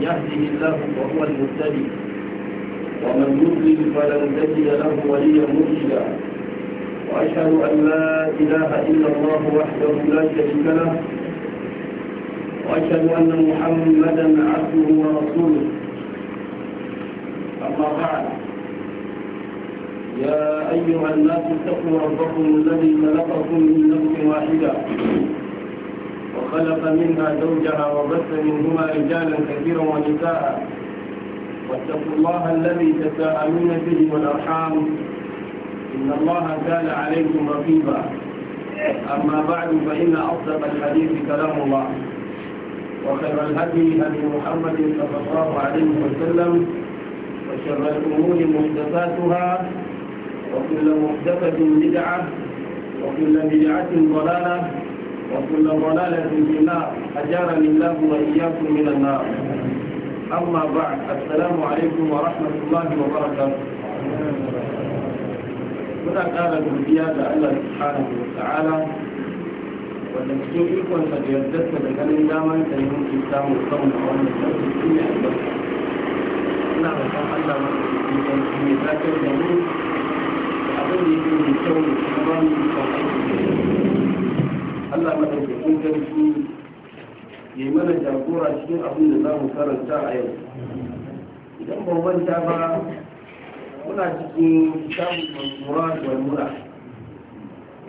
يهده الله فهو المهتدي ومن يضلل فلن تجد له وليا مرشدا واشهد ان لا اله الا الله وحده لا شريك له واشهد ان محمدا عبده ورسوله اما بعد يا ايها الناس اتقوا ربكم الذي خلقكم من نفس واحده وخلق منها زوجها وبث منهما رجالا كثيرا ونساء واتقوا الله الذي تساءلون به والأرحام إن الله كان عليكم رقيبا أما بعد فإن أصدق الحديث كلام الله وخير الهدي هدي محمد صلى الله عليه وسلم وشر الأمور محدثاتها وكل محدثة بدعة وكل بدعة ضلالة وكل ضلالة في النار أجارني الله وإياكم من النار أما بعد السلام عليكم ورحمة الله وبركاته muna ƙara godiya da Allah subhanahu wa ta'ala wanda cikin ikonsa da yardarsa da ganin daman da yin ke samu samun a wannan sarki shi ne ina da san Allah masu cikin shi ne zakar da mu da abin da yake mai kuma mu ikon Allah madaukakin sarki ya yi mana jagora cikin abin da za mu karanta a yau idan ba manta ba muna cikin samun mansura da mura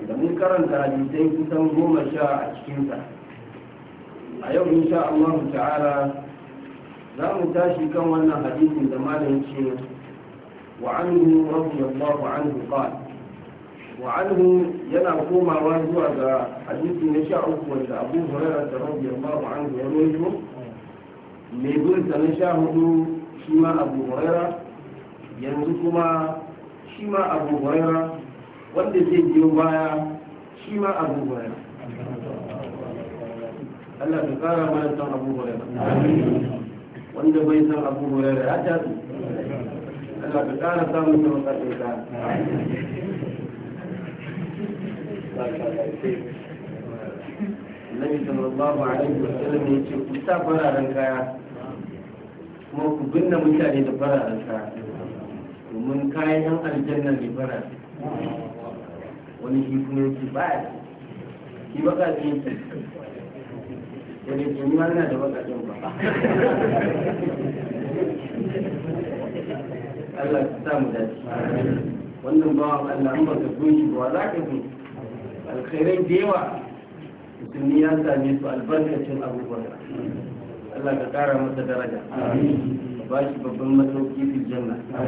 da mun karanta hadisai kusan goma sha a cikinsa a yau in insha Allah ta'ala za mu tashi kan wannan hadisin da malam ce wa anhu wa anhu qala وعنه ينا قوما وانزوا ذا حديث نشاء وانت أبو da رضي الله عنه يرويه ميقول تنشاهد شما أبو هريرة ينزكما شما أبو هريرة wanda zai biyo baya shi ma abu baya Allah ka kara mana san abu baya wanda bai san abu baya ya tafi Allah ka kara samun sauƙaƙe Annabi sallallahu alaihi wasallam ya ce ku sa fararen kaya kuma ku binne mutane da fararen kaya domin kayan yan aljanna ne fara wani shi kuma yake baya shi baka ne yake da ne ke nima na da baka ɗin ba Allah ta mu dace wannan bawan Allah an baka so ba za ka so alkhairai da yawa musulmi ya same su albarkacin abubuwan Allah ka kara masa daraja ka ba shi babban masauki fi janna ka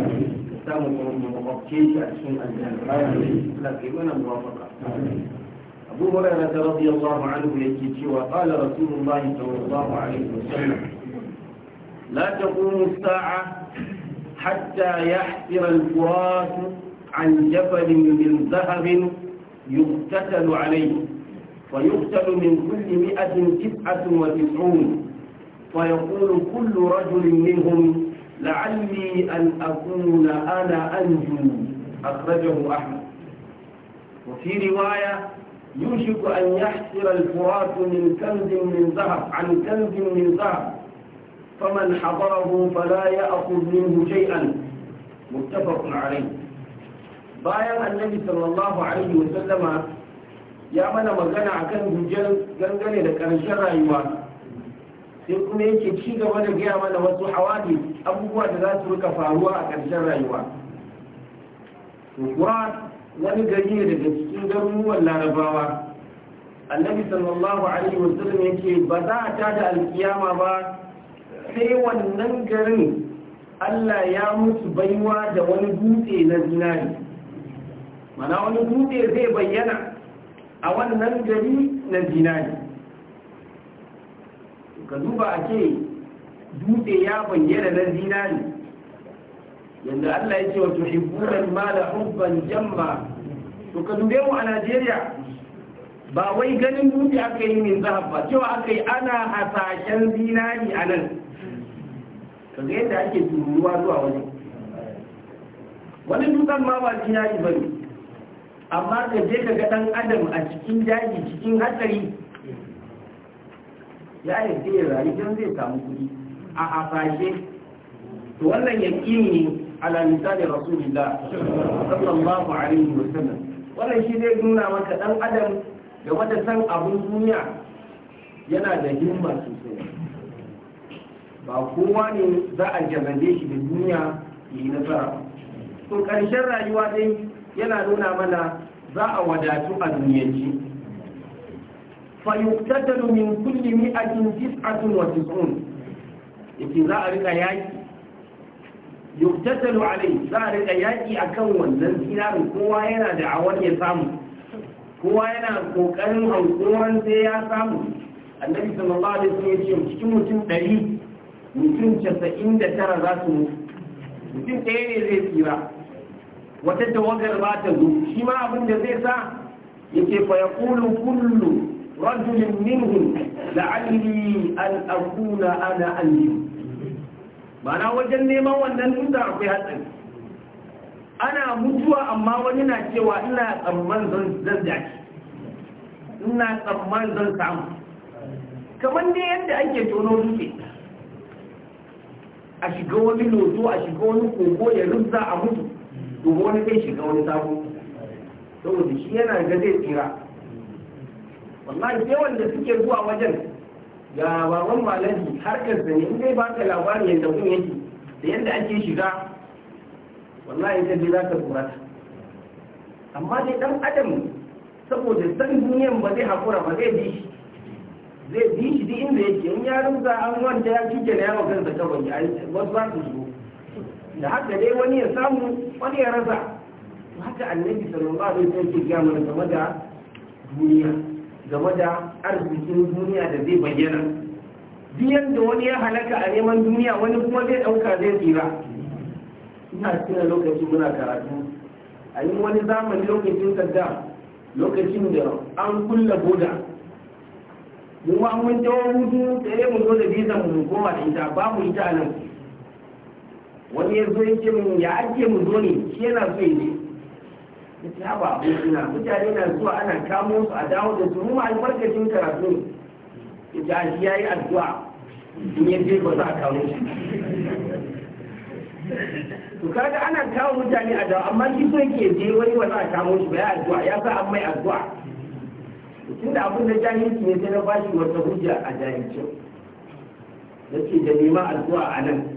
samu makwabce shi a cikin aljanna Allah ka yi mana muwafaka أبو هريرة رضي الله عنه يجي وقال رسول الله صلى الله عليه kuma لا تقوم الساعة حتى يحفر الفرات an جبل من zahabin. يقتتل عليه ويقتل من كل مئة تسعة وتسعون فيقول كل رجل منهم لعلي أن أكون أنا أنجو أخرجه أحمد وفي رواية يوشك أن يحسر الفرات من كنز من ذهب عن كنز من ذهب فمن حضره فلا يأخذ منه شيئا متفق عليه bayan annabi sallallahu alaihi wa sallama ya mana magana akan hujjar gangane da ƙarshen rayuwa sai kuma yake ci gaba da gaya mana wasu hawadi abubuwa da za su rika faruwa a ƙarshen rayuwa kura wani gari ne daga cikin garuruwan larabawa annabi sallallahu alaihi sallam yake ba za a tada alkiyama ba sai wannan garin Allah ya mutu baiwa da wani dutse na zinari mana wani dutse zai bayyana a wannan gari na zinari ka duba a ce dutse ya bayyana na zinari yanzu allah ya ce wa tuhibbunan mala hubban jamma to ka dube mu a najeriya ba wai ganin dutse aka yi min zahab ba cewa aka yi ana hasashen zinari a nan kaga yadda ake tururuwa zuwa wani wani dutsen ma ba zinari ba ne amma ka je ka ga ɗan adam a cikin daji cikin hatsari ya yi zai rayu don zai samu kuɗi a afashe to wannan ƙi ne ala misali rasulullah sallallahu alaihi wa sallam wannan shi zai nuna maka ɗan adam da wata san abun duniya yana da himma sosai ba kowa ne za a jamaje shi da duniya ya yi nasara to ƙarshen rayuwa dai yana nuna mana za a wadatu a duniyanci fayuktatalu min kulli a tun wasu tis'un yake za a rika yaki yuktatalu alai za a rika a kan wannan zinarin kowa yana da awar ya samu kowa yana kokarin hankoran sai ya samu annabi sallallahu alaihi wasallam yace cikin mutum 100 mutum 99 za su mutu mutum ɗaya ne zai tsira wata tawagar ba ta zo shi ma abin da zai sa yake fa yaqulu kullu rajulin minhum la'alli an akuna ana anni mana wajen neman wannan dutse akwai hatsari ana mutuwa amma wani na cewa ina tsamman zan zaki ina tsamman zan samu kamar dai yadda ake tono dutse a shiga wani loto a shiga wani kogo ya rubza a mutu dubu wani zai shiga wani sabo saboda shi yana ga zai tsira wallahi sai wanda suke zuwa wajen ga baban malami harkar zane in zai baka labarin yadda kun yake da yadda ake shiga wallahi ta je za ka tsorata amma dai dan adam saboda san duniyan ba zai hakura ba zai bi shi zai bi shi duk inda yake in ya rubuta an wanda ya kike na yawa kansa kawai wasu za su zo da haka dai wani ya samu wani ya rasa haka annabi sallallahu alaihi wasallam ke gaya mana game da duniya game da arzikin duniya da zai bayyana biyan da wani ya halaka a neman duniya wani kuma zai ɗauka zai tsira ina tuna lokacin muna karatu a yi wani zamani lokacin sadda lokacin da an kulla boda mu ma mun jawo hutu sai mu zo da bizan mu koma da ita ba mu ita nan wani ya zo yake min ya ake mu zo ne shi yana so yaje ta haba abokina mutane na zuwa ana kamo su a dawo da su mu albarkacin karatu ne ita shi ya yi addu'a in ya je ba za a kawo shi to kaga ana kawo mutane a dawo amma shi so yake je wani ba za a kamo shi ba ya addu'a ya sa an mai addu'a tunda abin da jahilci ne sai na bashi wata hujja a da ke da nema addu'a a nan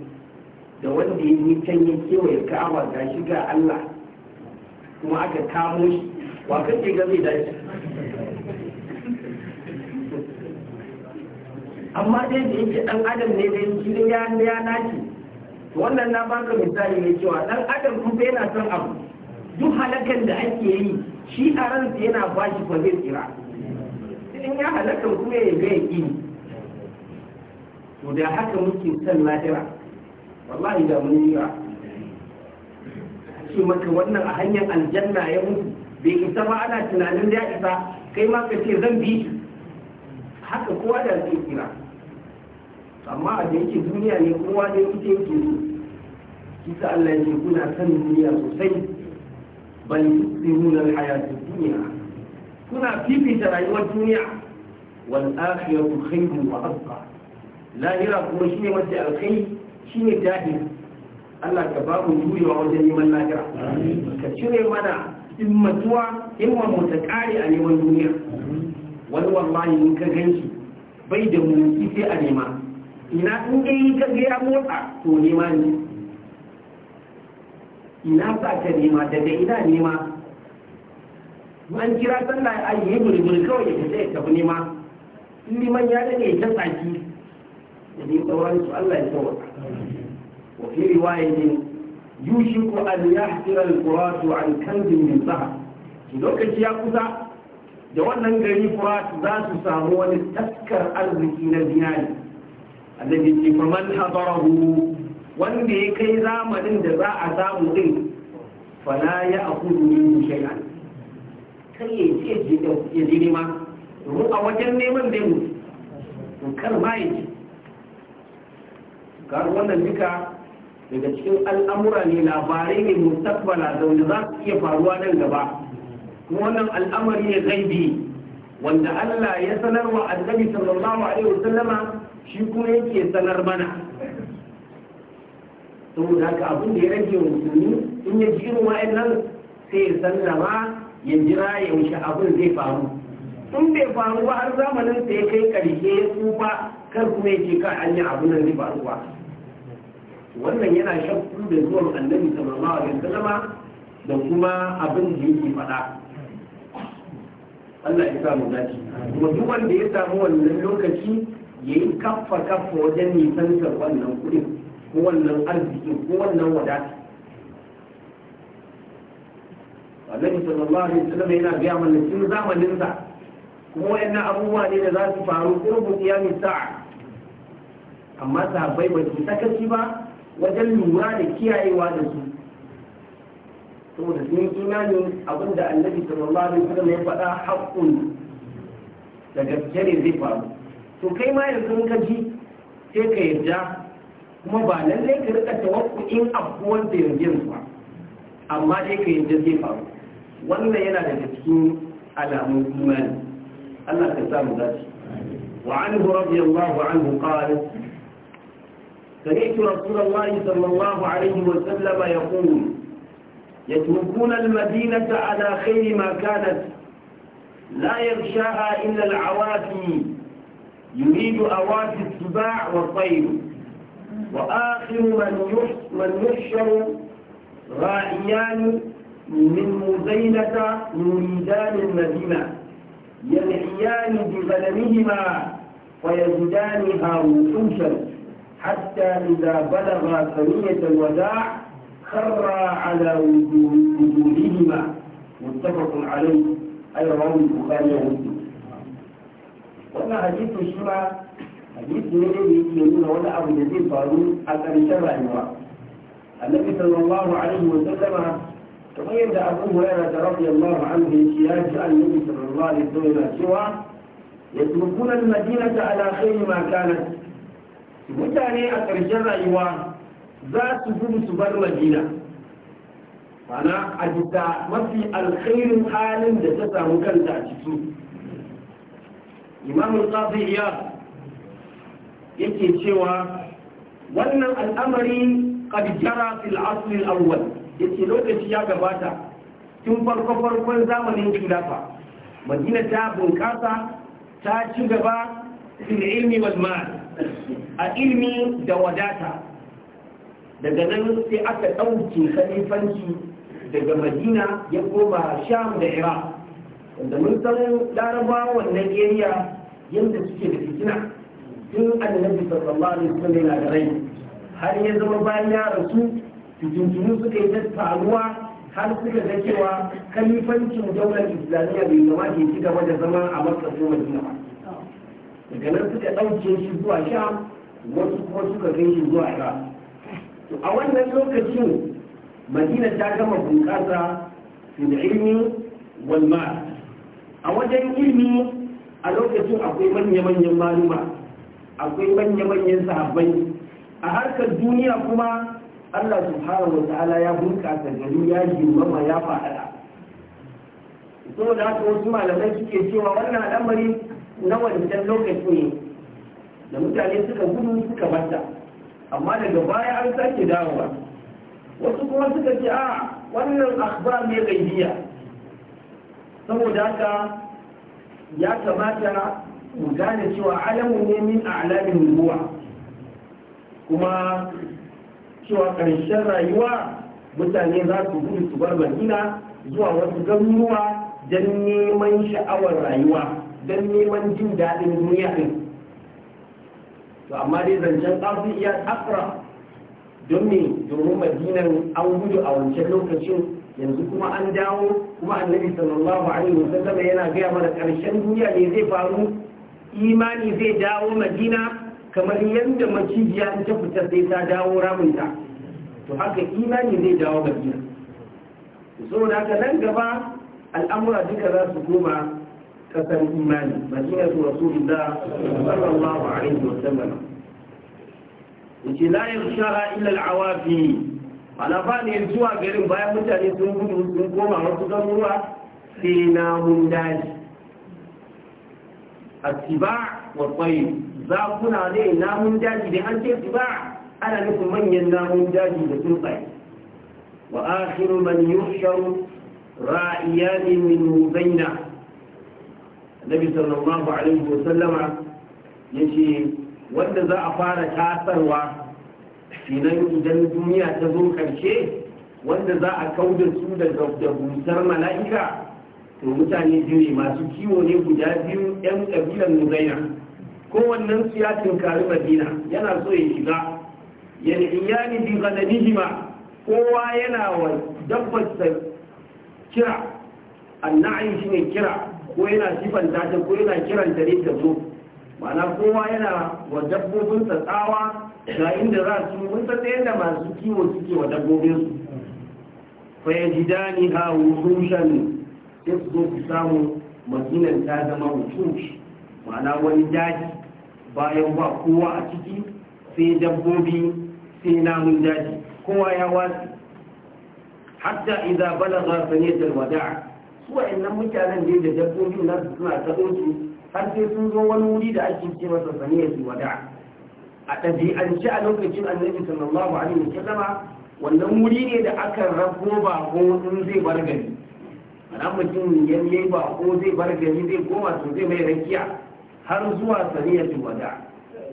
da wanda ya yi can ya kewaye ka'aba ga shi ga Allah kuma aka kamo shi wa kake ga zai dace amma dai da yake dan adam ne da yake ya ya naci wannan na baka misali ne cewa dan adam kuma yana son abu duk halakan da ake yi shi a ransa yana bashi fa zai tsira in ya halakan kuma ya ga ya to da haka muke son lahira wallahi da mun jira ce maka wannan a hanyar aljanna ya mutu bai isa ba ana tunanin ya isa kai ma ka ce zan bi haka kowa da zai kira amma a da yake duniya ne kowa da yake yake kisa Allah ya ce kuna san duniya sosai bal tusiruna alhayat dunya kuna fifita rayuwar duniya wal akhiratu khayrun wa abqa lahira kuma shine mafi alkhairi shi ne jahi Allah ka ba mu juyewa wajen neman lahira ka cire mana himmatuwa himman mu ta kare a neman duniya wani wallahi in ka ganshi bai da mu yi sai a nema ina in yi ka gaya motsa to nema ne ina sa ka nema daga ina nema an kira sallah a yi bulbul kawai ya fita ya tafi nema neman ya dade ta tsaki da ne tsawon su Allah ya tsawata وفي رواية يوشك أن يحفر الفرات عن كنز من ذهب لوكاci ya kusa da wannan gari furat za su samu wani الذي arziki na zinari annabi wanda ya kai zamanin da za a samu din fala ya akudu min shay'an kar ya ce ya ne ma a wajen neman zai mutu ma ya Kar wannan duka daga cikin al'amura ne labarai ne mustaqbala da wanda za su iya faruwa nan gaba kuma wannan al'amari ne gaibi wanda Allah ya sanar wa annabi sallallahu alaihi wasallama shi kuma yake sanar mana saboda haka abin da ya rage musulmi in ya ji ruwa nan sai ya sallama ya jira yaushe abin zai faru tun bai faru ba har zamanin sai ya kai karshe ya tsufa kar kuma yake ka an yi abin da zai faru ba wannan yana shakku da zuwan annabi sallallahu alaihi wasallama da kuma abin da yake faɗa Allah ya samu dace kuma duk wanda ya samu wannan lokaci yi kaffa kaffa wajen nisantar wannan kudin ko wannan arziki ko wannan wadata annabi sallallahu alaihi wasallam yana biya mana cikin zamanin sa kuma wayannan abubuwa ne da za su faru qurbu qiyamis sa'a amma sahabbai ba su sakaci ba wajen lura da kiyayewa da su saboda sun imanin abin da annabi sallallahu alaihi wasallam ya faɗa haƙƙun da gaske ne zai faru to kai ma yanzu ka ji sai ka yarda kuma ba lallai ka rika tawakkuin abubuwan da yanzu ba amma dai ka yarda zai faru wannan yana daga cikin alamun imani Allah ka samu dace wa anhu radiyallahu anhu qala سمعت رسول الله صلى الله عليه وسلم يقول يتركون المدينة على خير ما كانت لا يغشاها إلا العوافي يريد أوافي السباع والطير وآخر من من يحشر راعيان من مزينة يريدان المدينة يلحيان بغنمهما فيزدانها وحوشا حتى إذا بلغ ثنية الوداع خر على وجودهما متفق عليه أي رواه البخاري ومسلم وما حديث الشرع حديث من يقولون ولا أبو جديد قالوا أكثر شرع النبي صلى الله عليه وسلم كما يبدأ أبو هريرة رضي الله عنه في سؤال النبي صلى الله عليه وسلم سوى يتركون المدينة على خير ما كانت mutane a ƙarshen rayuwa za su gudu su bar madina mana a bisa mafi alkhairin halin da ta samu kanta a ciki imamul ya yake cewa wannan al'amari qad jara fil asl al awwal lokaci ya gabata tun farko farkon zamanin khilafa madina ta bunƙasa ta ci gaba fil ilmi wal mal a ilmi da wadata daga nan sai aka ɗauke kalifanci daga madina ya koma sham da iraq wanda mun san larabawa wannan area yadda suke da fitina tun annabi sallallahu alaihi wasallam yana da rai har ya zama bayan ya rasu fitintunu suka yi ta har suka ga cewa kalifancin daular islamiyya bai zama ke ci gaba da zama a makka ko madina ba daga nan suka ɗauke shi zuwa sha wasu kuma suka kai shi zuwa sha to a wannan lokacin madina ta gama bunƙasa fil ilmi wal mal a wajen ilmi a lokacin akwai manya-manyan maluma akwai manya-manyan sahabbai a harkar duniya kuma Allah subhanahu wa ta'ala ya bunƙasa gari ya girmama ya faɗaɗa saboda haka wasu malamai suke cewa wannan al'amari na wancan lokaci ne da mutane suka gudu suka bata amma daga baya an sake dawowa wasu kuma suka ce a ah, wannan akhbar ne gaibiya saboda haka ya kamata mu gane cewa alamu ne min a'lamin ruwa, kuma cewa ƙarshen rayuwa mutane za su gudu su bar zuwa wasu garuruwa don neman sha'awar rayuwa don neman jin daɗin duniya ɗin to amma dai zancen ƙafi iya takura don me domin madinan an gudu a wancan lokacin yanzu kuma an dawo kuma annabi sallallahu alaihi wasallam yana gaya mana ƙarshen duniya ne zai faru imani zai dawo madina kamar yadda macijiya ta fita sai ta dawo ramunta to haka imani zai dawo madina saboda haka nan gaba al'amura duka za su koma kasar imani madinatu rasulullah sallallahu alaihi wa sallam yace la yakhsha illa al-awafi alafa ne zuwa garin bayan mutane sun gudu sun koma wasu garuruwa sai na mun daji asiba wa tsayi zakuna ne namun daji da an ce asiba ana nufin manyan namun daji da tsuntsaye wa akhiru man yuhsharu ra'iyani min muzaina nabi sallallahu alaihi wa sallama yace wanda za a fara tasarwa kenan idan duniya ta zo karshe wanda za a kauda su daga da busar mala'ika to mutane biyu ne masu kiwo ne guda biyu yan kabilan nuzaina wannan su ya tunkari madina yana so ya shiga yani iyani bi ghanamihima kowa yana wa dabbar kira anna'i shine kira ko yana sifanta ta ko yana kiran dare ta zo ma'ana kowa yana wa dabbobin sa tsawa ga inda za su mun san da masu kiwo suke wa dabbobin su fa yajidani ha wuhushan sai su zo su samu makinan ta zama wuhush ma'ana wani daji bayan ba kowa a ciki sai dabbobi sai namun daji kowa ya wasu hatta idza balagha da wada'a su wa'annan mutanen ne da dabbobin nasu suna ta su har sai sun zo wani wuri da ake ce masa ya su wada a ɗabi'ance a lokacin annabi sallallahu alaihi sallama wannan wuri ne da aka rabo ko in zai bar gari ana mutum ya yi ko zai bar gari zai koma su zai mai rakiya har zuwa ya su wada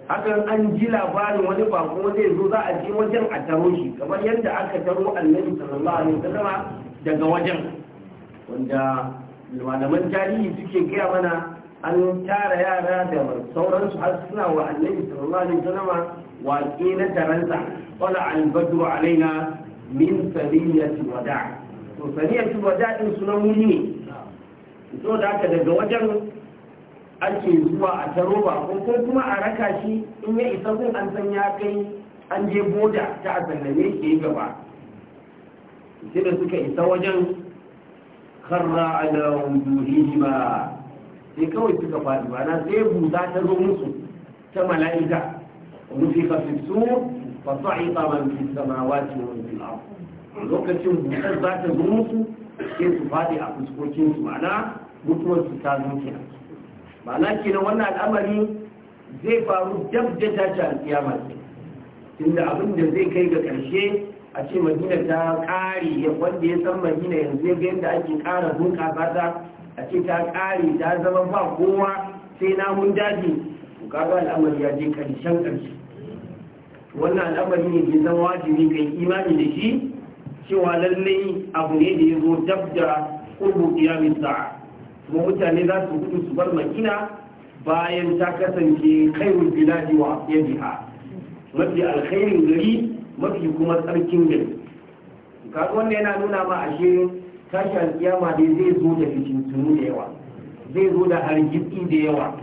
hakan an ji labarin wani ko zai zo za a je wajen a taro shi kamar yadda aka taro annabi sallallahu alaihi sallama daga wajen wanda malaman jariri suke gaya mana an tara yara da sauransu har suna wa annabi sallallahu alaihi wasallam kina na qala al badru alaina min sariyati wada to sariyati wada din suna muni ne to da haka daga wajen ake zuwa a taro ba ko kuma a raka shi in ya isa gun an san ya kai an je boda ta a sallame ke gaba sai da suka isa wajen فخر على وجوههما sai kawai suka faɗi ba na sai buta ta zo musu ta mala'ika rufi ka fi su fa sa'iqa man fi samawati wa fil ard lokacin butar za ta zo musu sai su faɗi a fuskokin su ma'ana mutuwar su ta zo kenan ma'ana kenan wannan al'amari zai faru dab da tashi alƙiyama ce tunda abin da zai kai ga ƙarshe a ce madina ta ƙare wanda ya san madina yanzu ya yadda ake ƙara bunƙasa ta a ce ta kare ta zama ba kowa sai namun daji to kaga al'amari ya je ƙarshen ƙarshe wannan al'amari ne ke zama wajibi kai imani da shi cewa lallai abu ne da ya zo dab da ƙurbu ƙiyamin kuma mutane za su gudu su bar madina bayan ta kasance kai wa biladi wa yadiha mafi alkhairin gari mafi kuma tsarkin gari kasu wanda yana nuna ma shi tashi alkiyama dai zai zo da tunu da yawa zai zo da hargitsi da yawa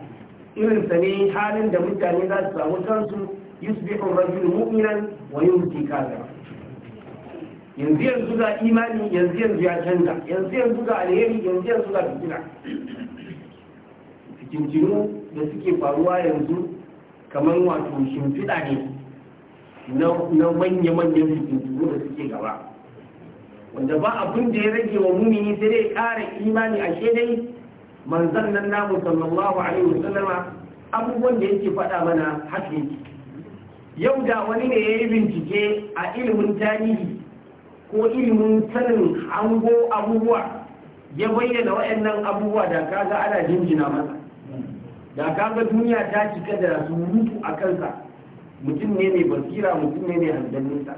irin sa ne halin da mutane za su samu kansu yusbihu rajul mu'minan wa yumti kafira yanzu yanzu ga imani yanzu yanzu ya canza yanzu yanzu ga alheri yanzu yanzu ga fitina fitintunu da suke faruwa yanzu kamar wato shimfiɗa ne na manya-manyan fitintu da suke gaba wanda ba abin da ya rage wa mumini sai dai kare imani a dai manzan nan namu sallallahu alaihi wasallama abubuwan da yake faɗa mana haƙi yau da wani ne ya yi bincike a ilimin tarihi ko ilimin sanin hango abubuwa ya bayyana waɗannan abubuwa da kaga ana jinjina masa da kaga duniya ta cika da surutu a kansa mutum ne mai basira mutum ne mai hanzalinsa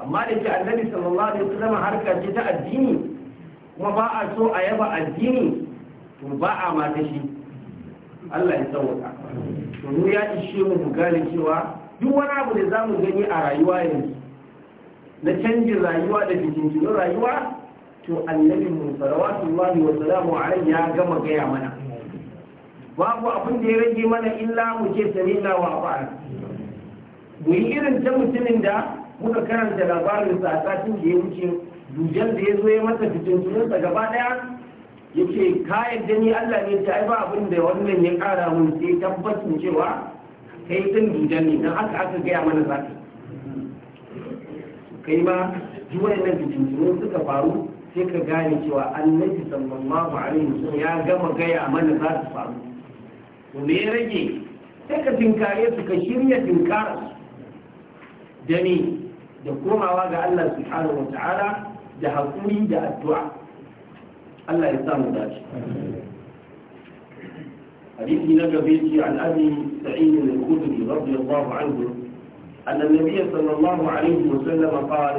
amma da ke annabi sallallahu alaihi wasallam harka ce ta addini kuma ba a so a yaba addini to ba a ma ta shi Allah ya sauka to mu ya ishe mu mu gane cewa duk wani abu da za mu gani a rayuwa yanzu na canjin rayuwa da bikin rayuwa to annabi mu sallallahu wa salamu alaihi ya gama gaya mana babu abin da ya rage mana illa mu ce sami'na wa ba'a mu irin ta mutumin da muka karanta labarin sa a satin da ya wuce dujan da ya zo ya masa fitintunansa gaba daya ya ce ka yadda ni Allah ne ta ai ba abin da wannan ya kara mun sai tabbacin cewa kai din dujan ne dan aka aka gaya mana za kai ma duk fitin fitintunan suka faru sai ka gane cewa annabi sallallahu alaihi wasallam ya gama gaya mana za su faru to ne rage sai ka tinkare su ka shirya su dani da komawa ga Allah subhanahu wata'ala da hakuri da addu'a Allah ya samu dace hadisi na gabe ce an abi sa'id al-khudri radiyallahu anhu أن النبي صلى الله عليه وسلم قال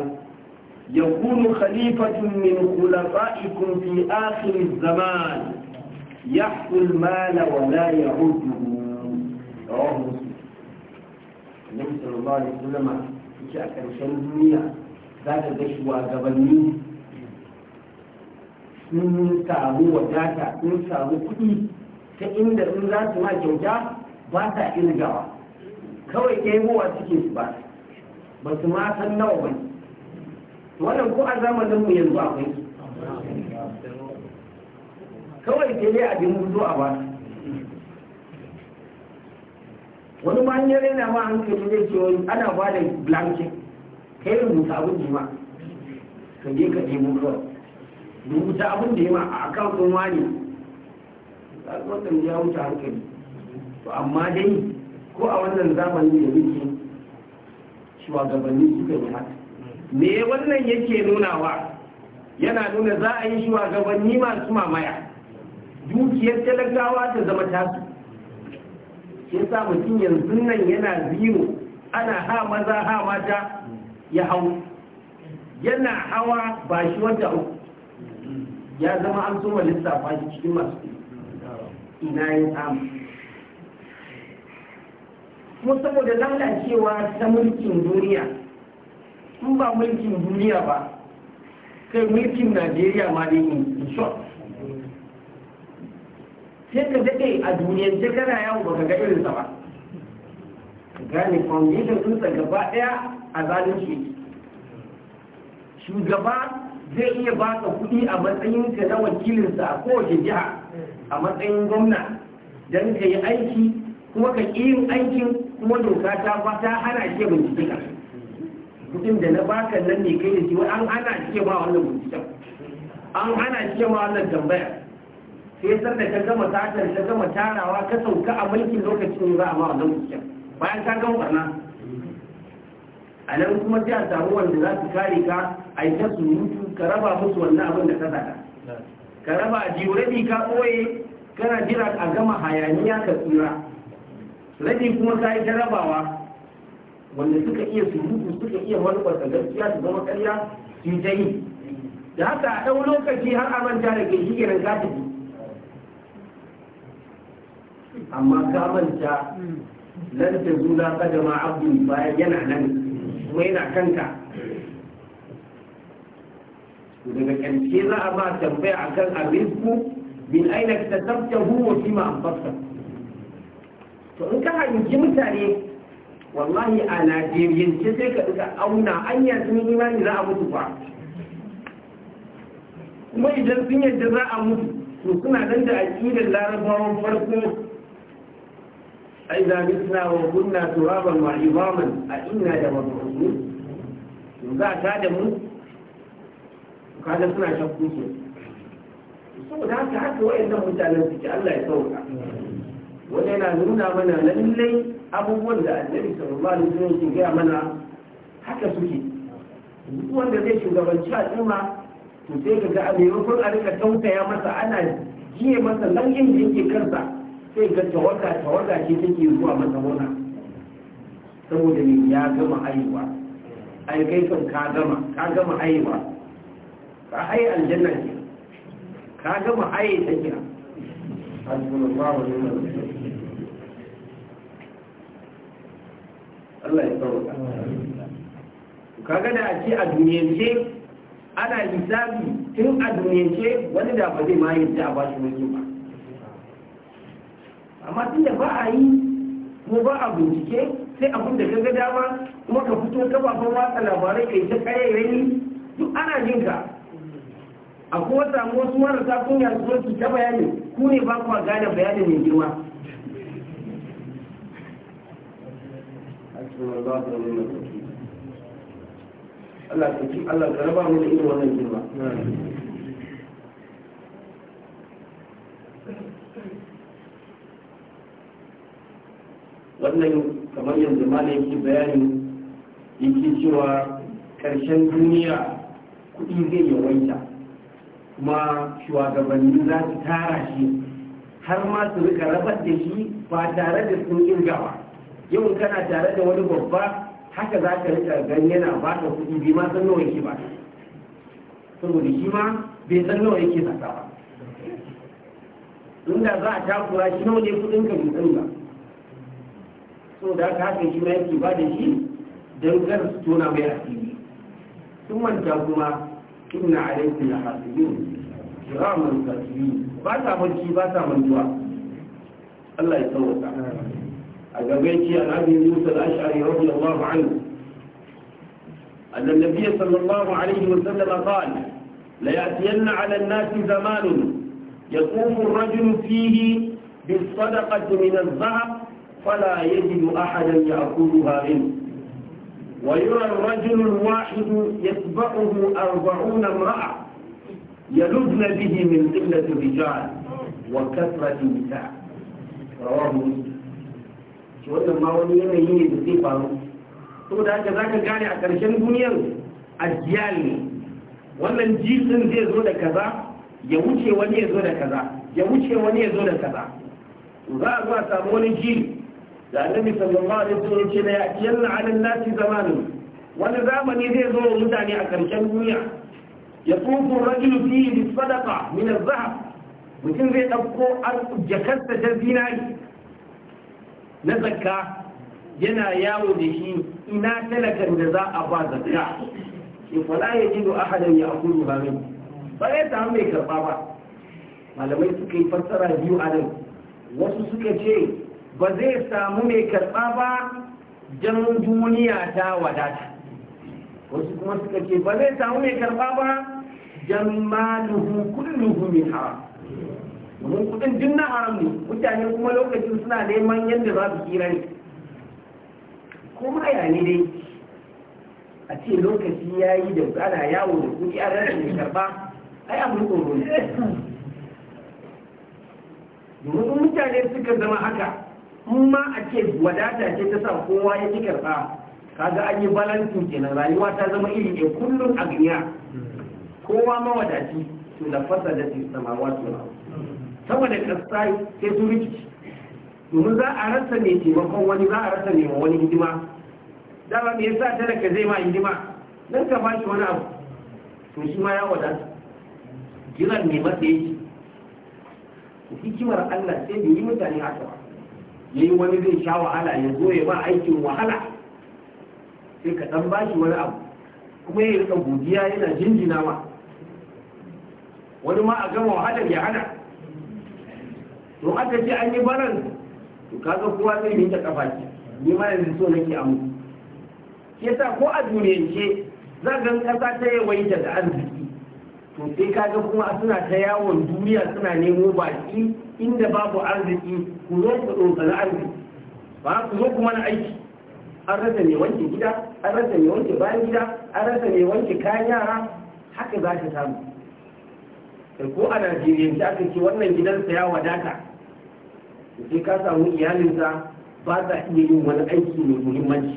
يكون خليفة من خلفائكم في آخر الزمان يحفو المال ولا يعده رواه مسلم النبي صلى الله عليه وسلم ce a ƙarshen duniya za ta ga shugabanni sun samu wadata sun samu kuɗi ta inda sun za su ma kyauta ba ta ilgawa kawai ɗebowa suke su ba ba su ma san nawa ba wannan ko a zamanin mu yanzu akwai kawai ke dai abin buzo a ba wani ma ya rena ma hankali zai ce wani ana ba da blanket kai yi ta abun jima ka je ka nemo kawai rubuta ta da ya ma a kan ɗin wani wannan ya wuce hankali to amma dai ko a wannan zamanin da muke shugabanni suka yi haka me wannan yake nunawa yana nuna za a yi shugabanni masu mamaya dukiyar talakawa ta zama tasu shi yasa mutum yanzu nan yana zino ana ha maza ha mata ya hau yana hawa ba shi wata uku ya zama an soma lissafa shi cikin masu ina ya samu kuma saboda lalacewa ta mulkin duniya in ba mulkin duniya ba kai mulkin najeriya ma dai in shot sai ka daɗe a duniyance kana yawo baka ga sa ba gane foundation sa gaba ɗaya a zalunci shugaba zai iya baka kuɗi a matsayin ka na wakilinsa a kowace jiha a matsayin gwamna don ka yi aiki kuma ka yin aikin kuma doka ta ba ta hana ke bincike ka da na baka nan ne kai da shi an hana ke ba wannan bincike an hana ke ma wannan tambayar sai da ka gama satar ka gama tarawa ka sauka a mulkin lokacin ne za a ma wannan mulkin bayan ka gama barna a nan kuma sai a samu wanda za su kare ka a yi ta surutu ka raba musu wannan abin da ka saka ka raba a jiyo rabi ka ɓoye kana jira a gama hayaniya ka tsira rabi kuma ka yi ta rabawa wanda suka iya surutu suka iya wani kwasa gaskiya su zama karya su yi ta yi da haka a ɗau lokaci har a manta da ke shi ka tafi amma ka manta hmm. lan ta zula da ma'abdu bayan yana nan kuma yana kanka daga ƙarshe za a ba tambaya akan abinku min aina ta tabta huwa shi ma to in ka hanyoyi mutane wallahi a ce sai ka duka auna anya sun imani za a mutu fa kuma idan sun yadda za a mutu to suna nan da aƙidar larabawan farko wa kunna wa متنا a ina da أئنا لمبعوثون za a tada mu kada suna shakku su saboda haka haka wayannan mutanen suke Allah ya sauka wanda yana nuna mana lallai abubuwan da annabi sallallahu alaihi wasallam ke gaya mana haka suke duk wanda zai shugabanci al'umma to sai ka ga a maimakon a rika tausaya masa ana jiye masa lallin da yake karsa sai ga tawaga tawaga ce take zuwa masa gona saboda ne ya gama haihuwa ai kai kan ka gama ka gama haihuwa ka ai aljanna ce ka gama ai ta kira Allah ya tsawata ka gada a ce a duniyance ana hisabi tun a duniyance wani da ba zai ma yadda a shi mulki ba amma tunda ba a yi ko ba a bincike sai abin da ga dama kuma ka fito kafafen watsa labarai kai ta kayayyaki duk ana jin ka a kuma samu wasu marasa kunya su wasu ta bayani ku ne ba kuma gane bayani mai girma Allah ta ci Allah ta raba mu da irin wannan girma wannan kamar yanzu ma yake bayani yake cewa ƙarshen duniya kuɗi zai yawaita kuma shugabanni za su tara shi har ma su rika rabar da shi ba tare da sun ba yau kana tare da wani babba haka za ka rika gan yana ba ka kuɗi bai ma san nawa yake ba saboda shi ma bai san nawa yake saka ba inda za a takura shi nawa ne kuɗin ka bai san ba so da aka haka shi ma yake ba da shi don kar su tona mai asiri sun manta kuma inna alaikum la hasibun kiraman katibi ba ta barci ba ta mantuwa Allah ya tsawata a gaban ci an abin Musa al-Ash'ari radiyallahu anhu أن النبي صلى الله عليه وسلم قال ليأتين على الناس زمان يقوم الرجل فيه بالصدقة من الذهب فلا يجد أحدا يأكلها منه ويرى الرجل الواحد يتبعه أربعون امرأة يلذن به من قلة الرجال وكثرة النساء رواه مسلم wannan ma wani yanayi ne da zai faru saboda haka za ka gane a ƙarshen duniyar ajiyal ne wannan jisin zai zo da kaza ya wuce wani ya zo da kaza ya wuce wani ya zo da kaza za a zuwa samu wani jini. da annabi sallallahu alaihi wasallam ce da yanna alal nasi zamanin wani zamani zai zo mutane a karshen duniya ya tsufu rajulu fihi bi sadaqa min az-zahab mutum zai dauko an jakarta zinari na zakka yana yawo da shi ina talakar da za a ba zakka in fala ya jido ahadan ya akulu ba min ba ya samu mai karba ba malamai suka yi fassara biyu a nan wasu suka ce ba zai samu mai karɓa ba don duniya ta wadata wasu kuma suka ce ba zai samu mai karɓa ba don maluhu kulluhu min haram domin kudin duk na haram ne mutane kuma lokacin suna neman yadda za su kira ne ko ya ne dai a ce lokaci ya yi da ana yawo da kudi a rashin karba ai abin tsoro ne domin mutane suka zama haka in ma a ce wadata ce ta sa kowa ya ci karɓa kaga an yi balantu kenan rayuwa ta zama iri ne kullum a duniya kowa mawadaci to da fasa da su sama wato na saboda kasta sai su rikici domin za a rasa mai taimakon wani za a rasa ne wa wani hidima dama me yasa daga zai ma hidima dan ka ba shi wani abu to shi ma ya wadata jiran ne masa yake hikimar Allah sai bai yi mutane haka ba Yi wani zai sha wahala ya zo ya ba aikin wahala sai ka dan bashi wani abu kuma ya rika godiya yana jinjina ma wani ma a gama wahalar ya hana to aka ce an yi baran to kaga kowa zai yi ta kafa ki ni ma yanzu so nake a ke sa ko a duniyance za ga kasa ta yawaita da arziki to sai kaga kuma suna ta yawon duniya suna nemo baki inda babu arziki ku zo ku ɗaukar arziki ba ku zo kuma na aiki an rasa mai wanke gida an rasa mai wanke bayan gida an rasa mai wanke kayan yara haka za ka samu sai ko a najeriya ta aka ce wannan gidansa ya wadata sai ka samu iyalinsa ba za iya yin wani aiki mai muhimmanci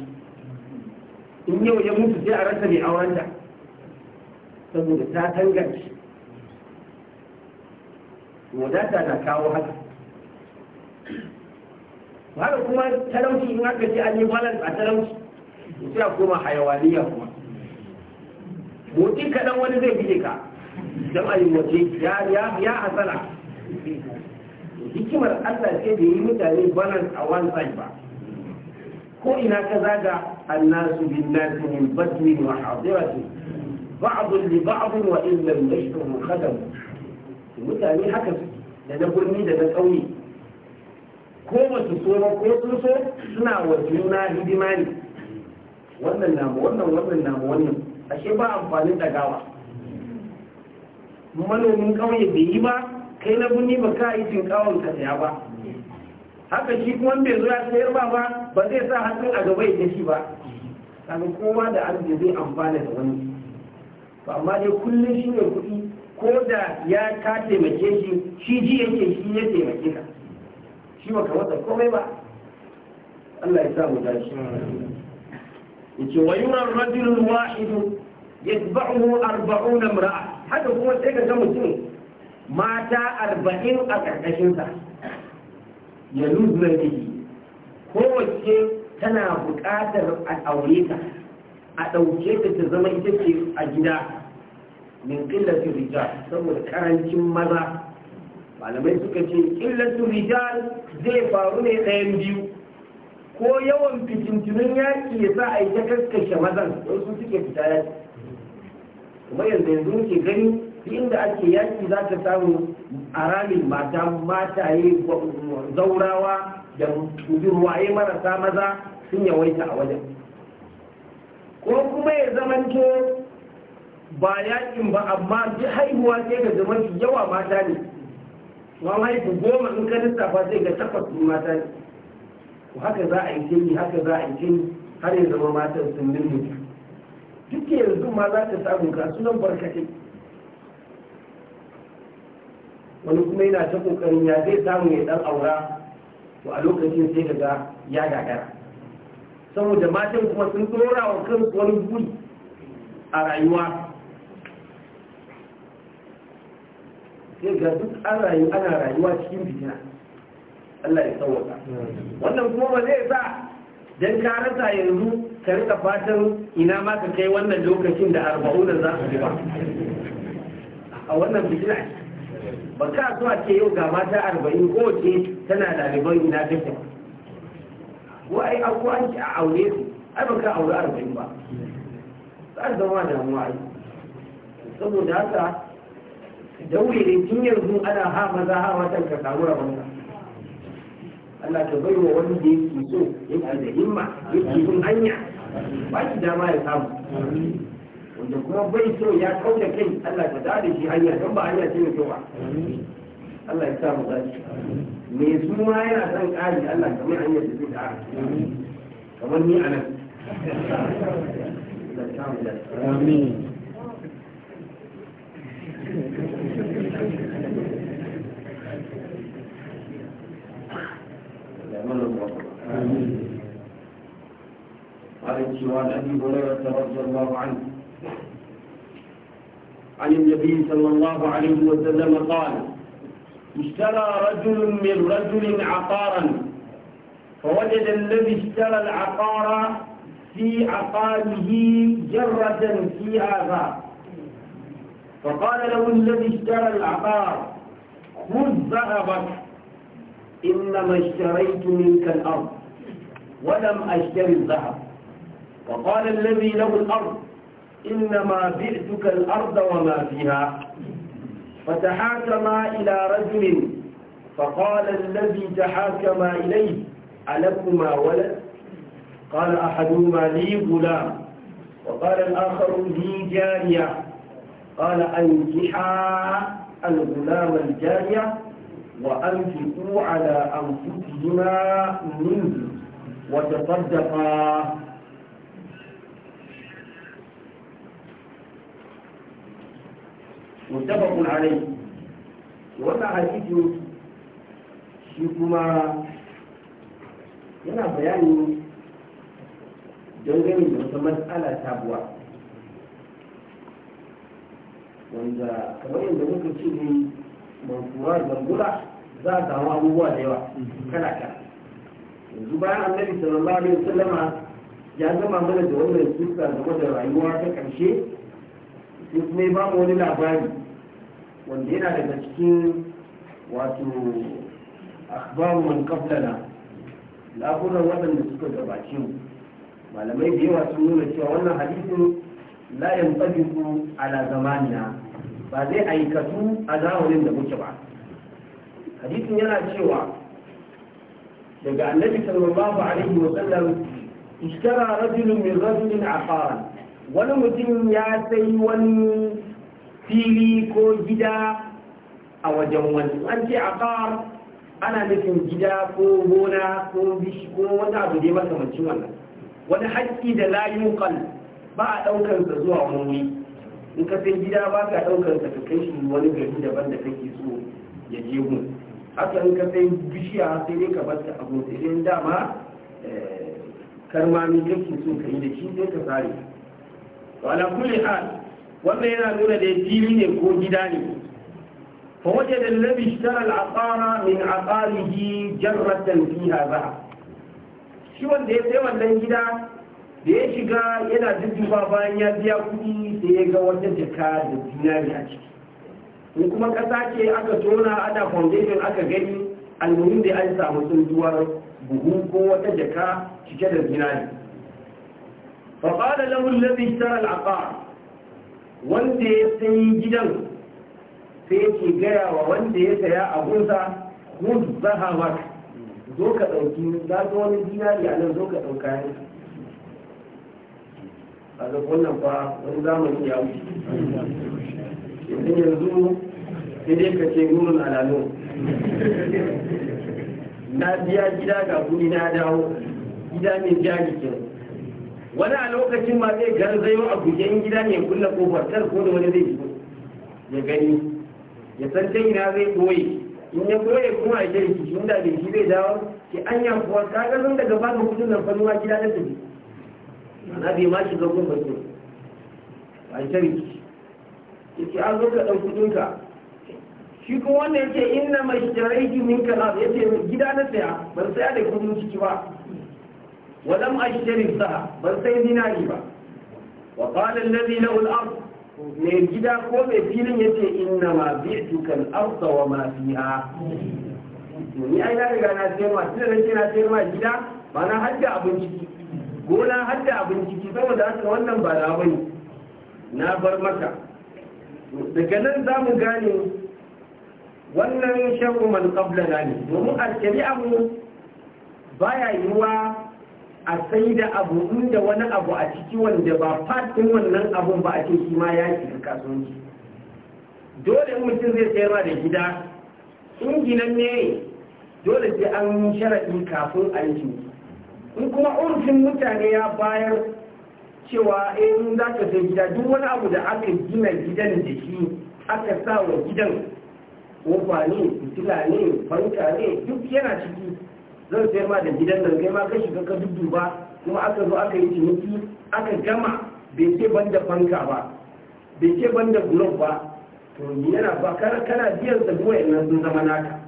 in yau ya mutu sai a rasa mai aurenta saboda ta tangance wadata na kawo haka haka kuma talauci in aka ce an yi balance a talauci sai a koma hayawaniya kuma motsi kaɗan wani zai bide ka don a yi waje ya hasala hikimar allah ce da yi mutane balance a one side ba ko ina ka zaga annasu bin nasu min batmin wa hadiratu بعض لبعض وإن لم يشكروا خدم mutane haka da na birni da na ƙauye ko ba su so ko sun so suna wa juna hidima ne wannan namu wannan wannan namu wannan ashe ba amfanin dagawa manomin ƙauye bai ba kai na birni ba ka yi ba haka shi kuma bai zuwa ya sayar ba ba ba zai sa hannun a gaba ya shi ba Sami kowa da arziki zai amfana da wani ba amma dai kullum shi ne kuɗi ko da ya ka taimake shi shi ji yake shi ya taimake ka shi baka wata komai ba Allah ya samu dashi yace wa yura ar-rajulu al-wahid yatba'uhu 40 imra'a haka kuma sai ka ga mutum mata 40 a karkashin sa ya luzna ko kowace tana buƙatar a aure ta a ɗauke ta ta zama ita ce a gida min qillatir rijal saboda karancin maza malamai suka ce qillatir rijal zai faru ne ɗayan biyu ko yawan fitintunin yaki ya sa a yi ta kaskashe mazan don su suke fita kuma yanzu yanzu muke gani inda ake yaki za ka samu a mata mataye zaurawa da budurwaye marasa maza sun yawaita a wajen ko kuma ya zamanto ba yakin ba amma bi haihuwa sai ga zama yawa mata ne wani haihu goma in ka lissafa sai ga takwas mata ne haka za a yi jini haka za a yi jini har ya zama matan sun nuna duk yanzu ma za ta samu sunan barkatai wani kuma yana ta kokarin ya zai samu ya dan aura to a lokacin sai daga ya gagara saboda matan kuma sun tsorawa wa kansu wani buri a rayuwa sai ga duk an rayu ana rayuwa cikin fitina Allah ya tsawata wannan kuma ba zai sa dan ka rasa yanzu ka rika fatan ina ma ka kai wannan lokacin da arba'una za su ba a wannan fitina ba ka so a ce yau ga mata arba'in ce tana ɗaliban ina take ba ko ai ko an ci a aure su ai ba ka aure arba'in ba za a zama damuwa ai saboda haka daure tun yanzu ana ha maza ha watan ka samu rabonka Allah ta bai wa wani da yake so yake da himma yake yin hanya ba shi dama ya samu wanda kuma bai so ya kau da kai Allah ta da da shi hanya don ba hanya ce mai kyau ba Allah ya sa mu zaci. me su ma yana son kari Allah mai hanyar da zai da kamar ni a nan. amin يعمل الله قال عن أبي هريرة رضي الله عنه عن النبي صلى الله عليه وسلم قال اشترى رجل من رجل عقارا فوجد الذي اشترى العقار في عقاره جرة فيها ذا فقال له الذي اشترى العقار خذ ذهبك إنما اشتريت منك الأرض ولم أشتري الذهب وقال الذي له الأرض إنما بعتك الأرض وما فيها فتحاكما إلى رجل فقال الذي تحاكما إليه ألكما ولد قال أحدهما لي غلام وقال الآخر لي جارية قال أنكحا الغلام الجارية وأنفقوا على أنفسهما منه وتصدقا متفق عليه وما حديث shi kuma yana bayani dangane da wata matsala tabuwa wanda kamar yadda muka ce ne mansuwar mangula za a samu abubuwa da yawa kana ka yanzu bayan annabi sallallahu alaihi wasallam ya zama mana da wannan kisa game da rayuwa ta karshe sai kuma ya bamu wani labari wanda yana daga cikin wato akhbaru man qablana laburan waɗanda suka gabace mu malamai da yawa sun nuna cewa wannan hadisin la yantabiqu ala zamanina ba zai aikatu a zamanin da muke ba hadisin yana cewa daga annabi sallallahu alaihi wa sallam ishtara rajulun min rajulin afara wani mutum ya sai wani fili ko gida a wajen wani an ce afar ana nufin gida ko gona ko bishi ko wata abu dai makamancin wannan wani haƙƙi da la yuqal ba a ɗaukar zuwa wani in ka sai gida ba ka ɗaukar ka ta kai shi wani gari daban da kake so ya je gun haka in ka sai bishiya sai dai ka bar ta a gun sai dai dama eh, karmami kake so ka yi da shi sai ka sare wala kulli hal wannan yana nuna da fili ne ko gida ne فوجد الذي al-aqara min عقاره jarratan fiha ذهب shi wanda ya sai wannan gida da ya shiga yana dudduba bayan ya biya kuɗi sai ya ga wata jaka da dinari a ciki in kuma ƙasa ce aka tona ana foundation aka gani almuhim da an samu tsuntuwar buhu ko wata jaka cike da dinari ne qala lahu alladhi ishtara al wanda ya sayi gidan sai yake gaya wa wanda ya saya abunsa gudu zahamak zo ka ɗauki za wani dinari a nan zo ka ɗauka yanka a ga wannan fa wani zamani ya wuce yanzu yanzu sai dai ka ce nurin alalu na biya gida ga kuɗi na dawo gida mai biya jikin. wani a lokacin ma zai garzayo a gujen gida ne kulle kofar kar ko da wani zai shigo ya gani ya san ta ina zai koyi in ya koye kuma a jirgi shi inda bai shi zai dawo ki anya kuwa ka ga zan daga ba da hutun nan fanuwa gida na tafi ana bai ma shiga gun bakin an ta yake an zo ka ɗan kudinka shi kuma wanda yake inna mai shirai ki min kana yake gida na saya ban saya da kudin ciki ba lam ashtari saha ban sai dinari ba wa qala alladhi lahu al-ard ne gida ko mai filin yace inna ma bi'tuka al-ard wa ma fiha ni ai na riga na sai ma tunda nake na sai ma gida ba na hajja abin ciki gona har da abin ciki saboda haka wannan ba na bane na bar maka daga nan za mu gane wannan shagu man na ne domin a shari'a mu yi wa a sai da abu inda wani abu a ciki wanda ba fatin wannan abun ba a ce shi ma ya da kasuwanci dole mutum zai sayarwa da gida ginan ne dole sai an sharaɗi kafin a yi in kuma urfin mutane ya bayar cewa eh, in za ka zai gida duk wani abu da aka gina gidan da shi aka sa wa gidan kofa ne fitila ne fanka ne duk yana ciki zan sai ma da gidan nan kai ma ka shiga ka ba kuma aka zo aka yi ciniki aka gama bai ce ban da fanka ba bai ce ban da gulob ba to yana ba kana biyan sa duwayen nan sun zama naka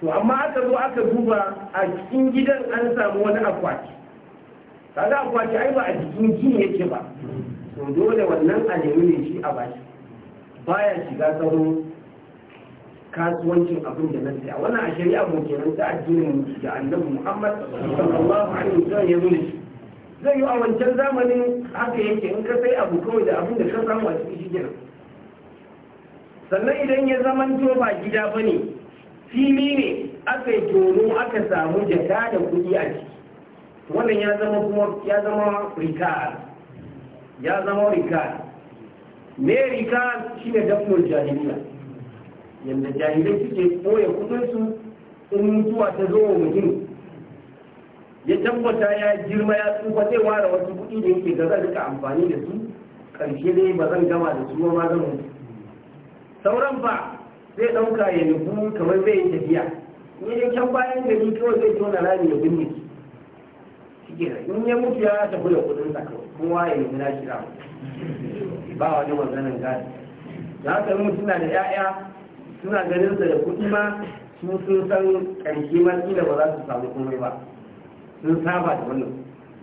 to amma aka zo aka duba a cikin gidan an samu wani akwati kaga akwati ai ba a jikin jin yake ba to dole wannan a ne shi a bashi baya shiga tsaro kasuwancin abin da nan sai wannan a shari'a mu kenan ta addinin da annabi Muhammad sallallahu alaihi wasallam ya zo shi zai yi a wancan zamanin haka yake in ka sai abu kawai da abin da ka samu a cikin shi sannan idan ya zamanto ba gida bane fili ne aka yi tono aka samu jaka da kuɗi a ciki wannan ya zama kuma ya zama rikar ya zama rikar me rikar shi ne dafnul jahiliya yadda jahilai suke ɓoye kuɗinsu in mutuwa ta zo wa mutum ya tabbata ya girma ya tsufa zai ware wasu kuɗi da yake da zai rika amfani da su ƙarshe dai ba zan gama da su ma zan mutu sauran ba zai ɗauka ya nufu kamar zai yi tafiya ne da can bayan gari kawai zai tona rami ya binne shi shi in ya mutu ya tafi da kuɗin sa kuma ya nufi nashi ramu ba wani maganin gadi da haka yi suna na da 'ya'ya suna ganin sa da kuɗi ma su sun san ƙarshe ma kila ba za su samu komai ba sun saba da wannan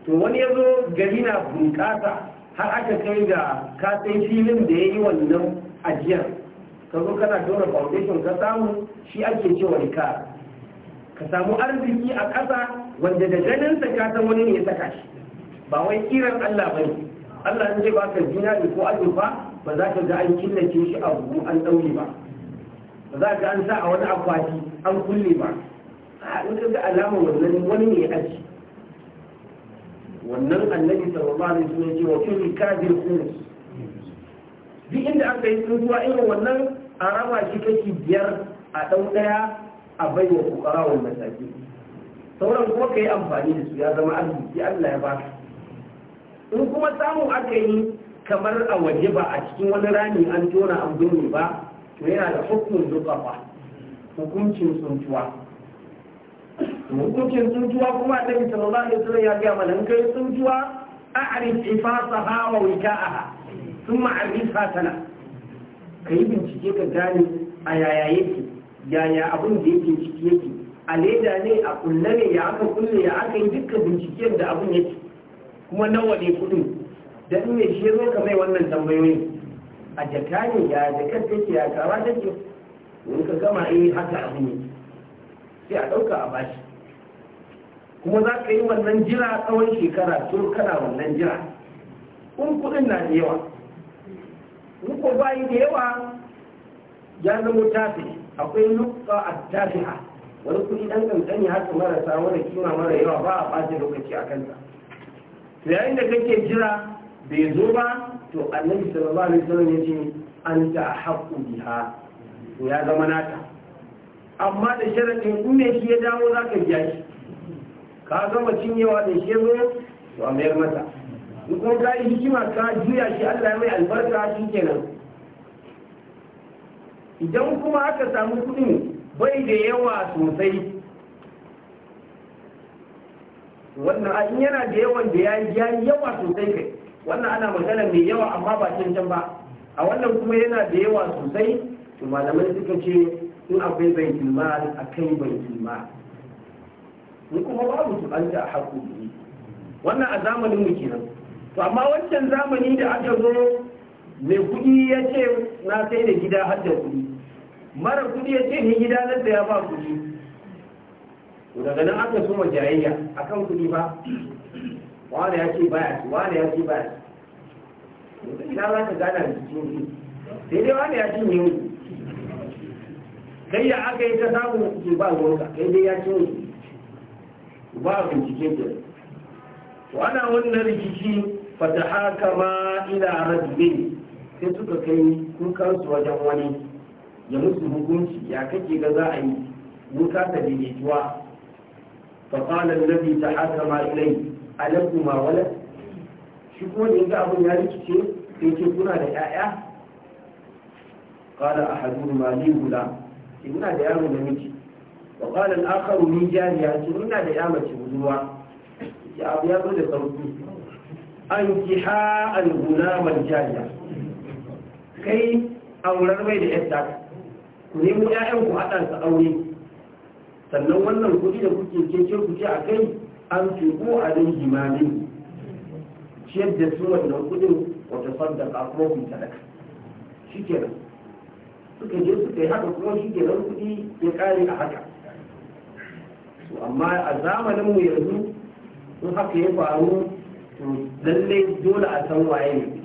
to wani ya zo gari na bunƙasa har aka kai ga kasan filin da ya yi wannan ajiyar ka zo kana dora foundation ka samu shi ake cewa rika ka samu arziki a ƙasa wanda da ganin sa ka san wani ne ya saka shi ba wai kiran Allah bane Allah ne zai baka zinari ko azurfa ba za ka ga an killace shi a buhu an daure ba ba za ka an sa a wani akwati an kulle ba a in ka ga alamar wannan wani ne ya aji wannan annabi sallallahu alaihi wasallam ya ce wa fi kadir khums duk inda aka yi tsuntsuwa irin wannan a raba shi kashi biyar a ɗau ɗaya a bai wa kukara wani mataki sauran ko ka yi amfani da su ya zama arziki allah ya ba in kuma samu aka yi kamar a waje ba a cikin wani rami an tona an binne ba to yana da hukumin zurfafa hukuncin tsuntuwa hukuncin tsuntuwa kuma annabi sallallahu alaihi wasallam ya ga mana in kai tsuntuwa a'rif ifasaha wa wika'aha thumma arifa sana ka yi bincike ka gane a yaya yake yaya abin da yake ciki yake a leda ne a kulle ne ya aka kulle ya aka yi dukkan binciken da abin yake kuma nawa ne kudin da in mai ya zo ka mai wannan tambayoyi a jaka ne ya jakar take ya kara take in ka gama eh haka abin yake sai a ɗauka a bashi kuma za ka yi wannan jira tsawon shekara to kana wannan jira kun kudin na da yawa riko bayi da yawa ya zama tafi akwai nukka a ha wani kuɗi ɗan har haka marasa wani kima mara yawa ba a ɓata lokaci a kanta to yayin da kake jira bai zo ba to annabi sallallahu alaihi wasallam ya ce an ta haqqu biha to ya zama nata amma da sharadin in me shi ya dawo zaka biya shi ka gama cinyewa da shi ya zo to a mayar mata ko ta ka yi hikima ka juya shi Allah mai albarka shi kenan idan kuma aka samu kudin bai da yawa sosai wannan a in yana da yawan da ya yi yawa sosai kai wannan ana magana mai yawa amma ba can ba a wannan kuma yana da yawa sosai to malamai suka ce in akwai bai mal a kai bai mal in kuma babu su an ta haƙuri wannan a zamanin mu kenan to amma wancan zamani da aka zo mai kudi ya ce na sai da gida har da kudi mara kudi ya ce ni gida na ya ba kudi daga nan aka suma jayayya kan kudi ba wani ya ce baya wani ya ce baya ina za ka gana da cikin sai dai wani ya ce ne wani kai ya aka yi ta samun ke ba wanka kai dai ya ce wani ba a bincike ke to ana wannan rikici fata haka ma ila rajulin sai suka kai su wajen wani ya musu hukunci ya kake ga za a yi mun kasa daidaituwa fa qala alladhi tahakama ilay alakuma wala shi ko ne ga abun ya rikice sai ce kuna da yaya qala ahadun ma li hula Ina da yaro da miji wa qala al-akharu li jariya shi da da yamace budurwa ya abu ya zo da sauki an kiha al-gulamar jariya kai aurar mai da yadda ku nemi 'ya'yan ku haɗa su aure sannan wannan kuɗi da kuke keke ku ce a kai an fi ko a nan jimamin ciyar da su wannan kuɗin wata sadaka ko ku daga shi nan suka je suka yi haka kuma shi ke nan kuɗi ya ƙare a haka amma a zamanin mu yanzu in haka ya faru to lallai dole a san waye ne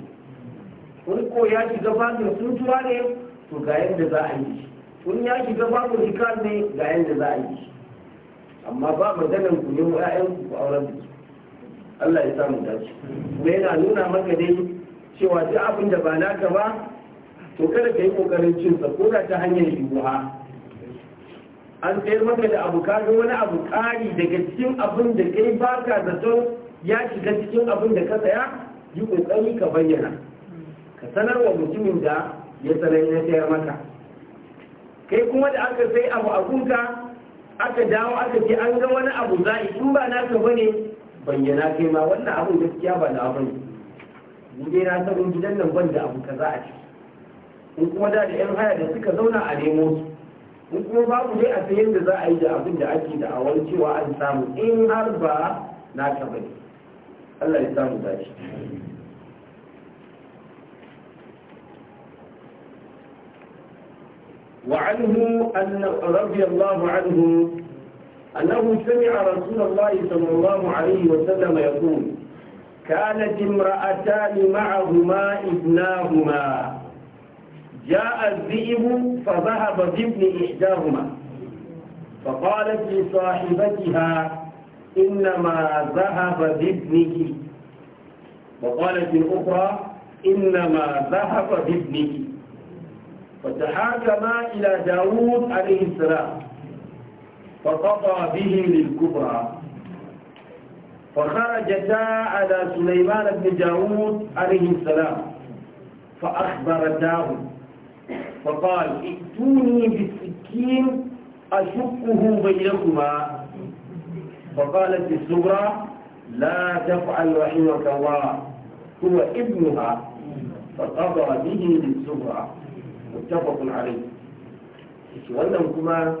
wani ko ya shiga babin sutuwa ne to ga yadda za a yi wani ya shiga babin hikar ne ga yadda za a yi amma ba maganan ku ne ya'yan ku ku auren da Allah ya samu dace kuma yana nuna maka dai cewa duk abin da ba naka ba to kada ka yi kokarin cin sa ko da ta hanyar yiwuwa an tsayar maka da abu kaga wani abu kari daga cikin abin da kai baka zaton ya shiga cikin abin da ka saya yi ƙoƙari ka bayyana ka sanar wa mutumin da ya sanar ya sayar maka kai kuma da aka sai abu a kunka aka dawo aka ce an ga wani abu za'i in ba naka bane bayyana kai ma wannan abin gaskiya ba na bane ne. dai na san gidan nan ban da abu za a ciki in kuma da da yan haya da suka zauna a nemo su in kuma babu dai a sayar da za a yi da abin da ake da awar cewa an samu in har ba naka bane الله ya samu وعنه أن رضي الله عنه أنه سمع رسول الله صلى الله عليه وسلم يقول كانت امرأتان معهما ابناهما جاء الذئب فذهب بابن إحداهما فقالت لصاحبتها إنما ذهب بابنه وقالت الأخرى إنما ذهب بابنه فتحاكما إلى داود عليه السلام فقضى به للكبرى فخرجتا على سليمان بن داود عليه السلام فأخبرتاه فقال ائتوني بالسكين أشقه بينكما فقالت الصغرى لا تفعل رحمك الله هو ابنها فقضى به للصغرى متفق عليه ولم كما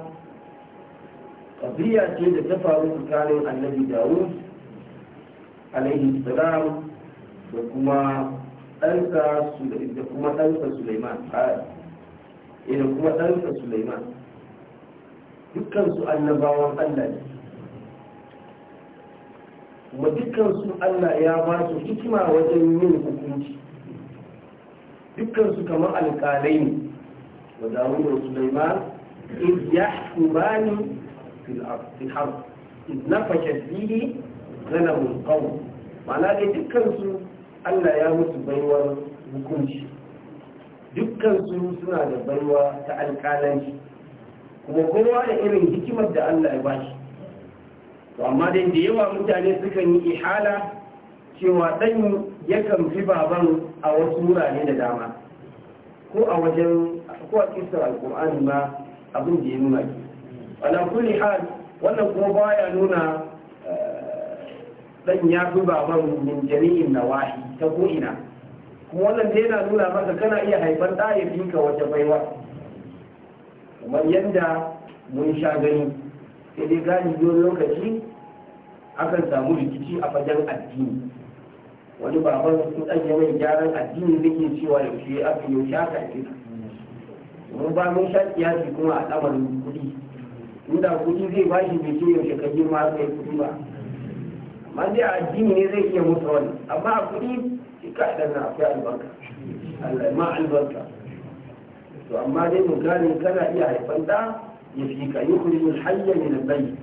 قضية سيدة تفاوض كالي النبي داوود عليه السلام وكما ألقى سليمان إلى كما ألقى سليمان آه. يكن إيه، سؤال نباوان الله kuma dukansu Allah ya ba su hikima wajen yin hukunci su kamar alƙalai ne wa Dawud da Sulaiman iz yahkumani fil ard iz fili bihi ghanamul qawm ma'ana dai dukansu Allah ya musu baiwar hukunci dukansu suna da baiwa ta alƙalai kuma kowa da irin hikimar da Allah ya ba to amma dai da yawa mutane sukan yi ihala cewa ɗan yakan fi baban a wasu wurare da dama ko a wajen ko a kisar alkur'ani ma abin da ya nuna ki wala kulli hal wannan kuma baya nuna eh, dan ya fi baban min jami'in nawahi ta ko'ina kuma wannan da yana nuna maka kana iya haifar ɗaya ka wata baiwa kamar yadda mun sha gani sai dai gani biyu lokaci akan samu rikici a fagen addini wani baban su ɗan mai gyaran addini zai cewa yaushe aka yaushe aka yi mun ba mun sha kiyasi kuma a lamarin kuɗi inda kuɗi zai ba shi bai ce yaushe ka girma kai kuɗi ba amma dai addini ne zai iya mutu wani amma a kuɗi ka ɗan na akwai albarka Allah ma albarka to amma dai mu gane kana iya haifan da ya fi ka yi kulimin hanyar ne bai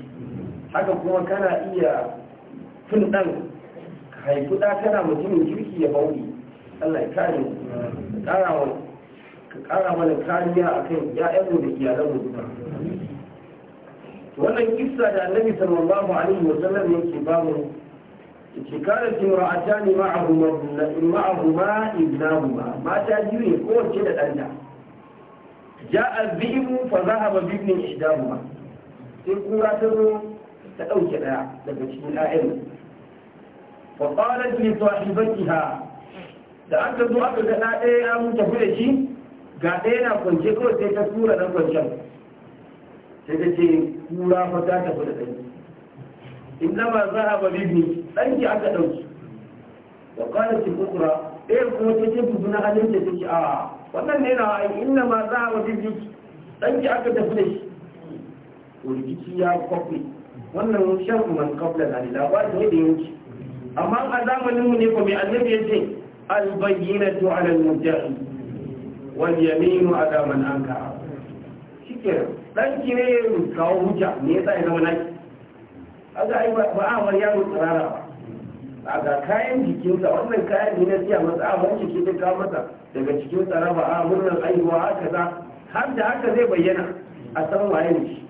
haka kuma kana iya tun ɗan ka haifi ɗa kana mutumin kirki ya bauɗi allah ya ka ƙara mana kariya a kan ‘ya'yanmu da iyalanmu duka wannan kissa da annabi sallallahu alaihi wa sallam yake ba mu yake kare timra'atani mata biyu ya kowace da ɗanta Ya albi'imu fa zahaba bi ibn ihdamu sai kura ta zo ta dauke daya daga cikin ayyan fa qalat li sahibatiha da aka zo aka ga ɗaya ya mun tafi da shi ga ɗaya na kwance kawai sai ta tura kwancen sai ta ce kura fa ta za a aka ɗauki ɗaya kuma ta ce na wannan ne na ayi inna ma za a wajen jiki ki aka tafi da shi to rikici ya kwafi wannan shan man kafla na da labarin da yadda yanki amma a zamaninmu ne ko mai annabi ya ce albayyinatu ala al-mujahid wal yaminu ala man anka shike dan ki ne ya kawo hujja ne yasa ya zama naki kaga ai ba a war yaro ba. a ga kayan jikinsa wannan kayan ne na siya masa a wani jiki da masa daga cikin tsaraba a murnar aiwa haka za har da haka zai bayyana a san wayan ne shi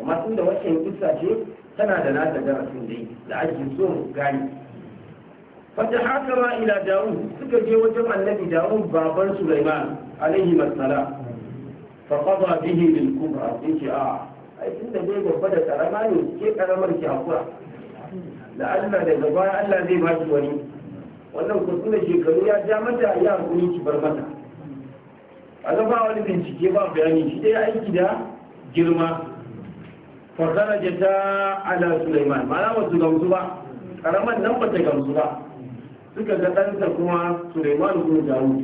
amma tun da wancan kisa ce tana da nata darasin dai da ake so gani fata haka ma ila suka je wajen annabi dawud baban sulaiman alaihi masala fa qada bihi lil kubra yace a ah, ai tun da dai babba da karama ne ke karamar ki hakura da Allah daga baya Allah zai ba shi wani wannan kuɗin da shekaru ya ja mata ya hakuri ki bar mata a ba wani bincike ba bayani shi dai aiki da girma fasara ja ta ala Sulaiman ma'ana ba su gamsu ba karaman nan ba ta gamsu ba suka ga ɗansa kuma Sulaiman ko jawo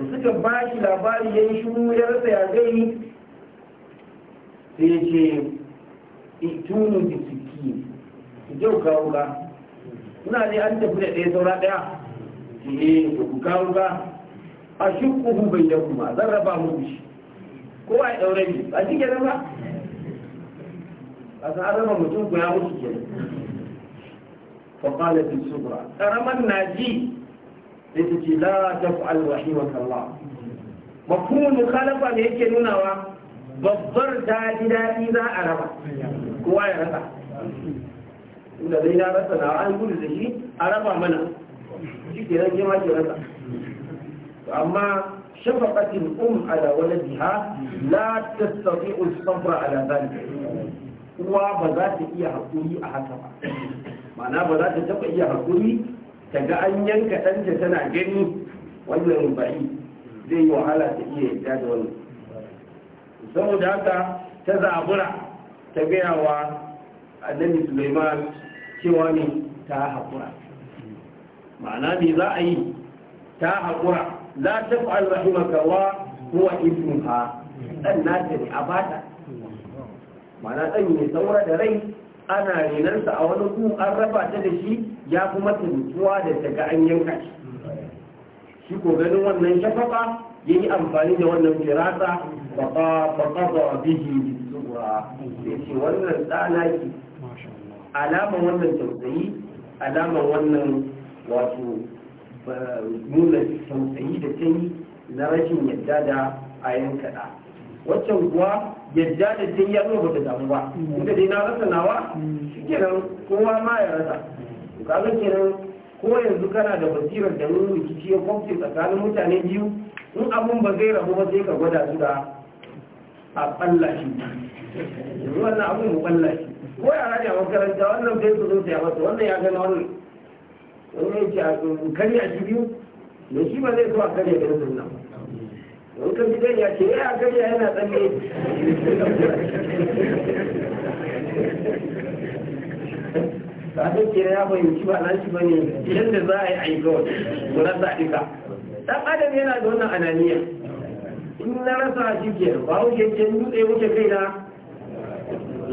da suka ba shi labari ya yi shiru ya rasa ya gai sai ya ce ituni bi ki je ku kawo ka ina ne an tafi da ɗaya saura ɗaya ki eh, ne ku kawo ka a shi kuhu bai da kuma zan raba mu shi ko a ɗaure ne, ba shi kenan ba a san an raba mutum ku ya mutu ke kenan fa qala bi subra karaman naji sai ta ce la taf'al rahimaka Allah mafhumul kalafa ne yake nunawa babbar daɗi daɗi za a raba kowa ya rasa inda zai na rasa na an gudu da shi a raba mana shi ke nan ma ke rasa amma shafaqatil um ala na la sauƙi as-sabra ala dhalika uwa ba za ta iya haƙuri a haka ba ma'ana ba za ta taɓa iya haƙuri ta ga an yanka ɗanta tana gani wannan bai zai yi wahala ta iya yadda da wani saboda haka ta zabura ta gaya wa annabi suleiman cewa ne ta haƙura ma'ana ne za a yi ta haƙura za ta fi an rahima wa kuwa ibn ha ɗan ne a bata ma'ana ɗan ne saura da rai ana renarsa a wani ku an raba ta da shi ya kuma tuntuwa da daga an yanka shi shi ko ganin wannan shafafa ya yi amfani da wannan firasa ba ba ba da tsura ya ce wannan ɗanaki alaman wannan tausayi alaman wannan wato nuna tausayi da ta yi na rashin yadda da a yankada waccan kuwa yadda da ta yi ya zo bata damu ba inda dai na rasa nawa shi kenan kowa ma ya rasa kaga kenan ko yanzu kana da basirar da nuna rikici ya kwamfi tsakanin mutane biyu in abun ba zai rabu ba sai ka gwada su da a ɓalla shi wannan abun mu ɓalla shi ko ya ne a makaranta wannan sai su zo ta masa wannan ya gana wannan wani ya ce a karya shi biyu da shi ba zai so a karya da yanzu nan wani kan gidan ya ce ya eh, karya yana tsalle ba ta ke ya fahimci ba nan shi ba ne yadda za a yi aikawa mu rasa duka dan adam yana da wannan ananiya in na rasa shi ke ba wuce ke dutse wuce kai na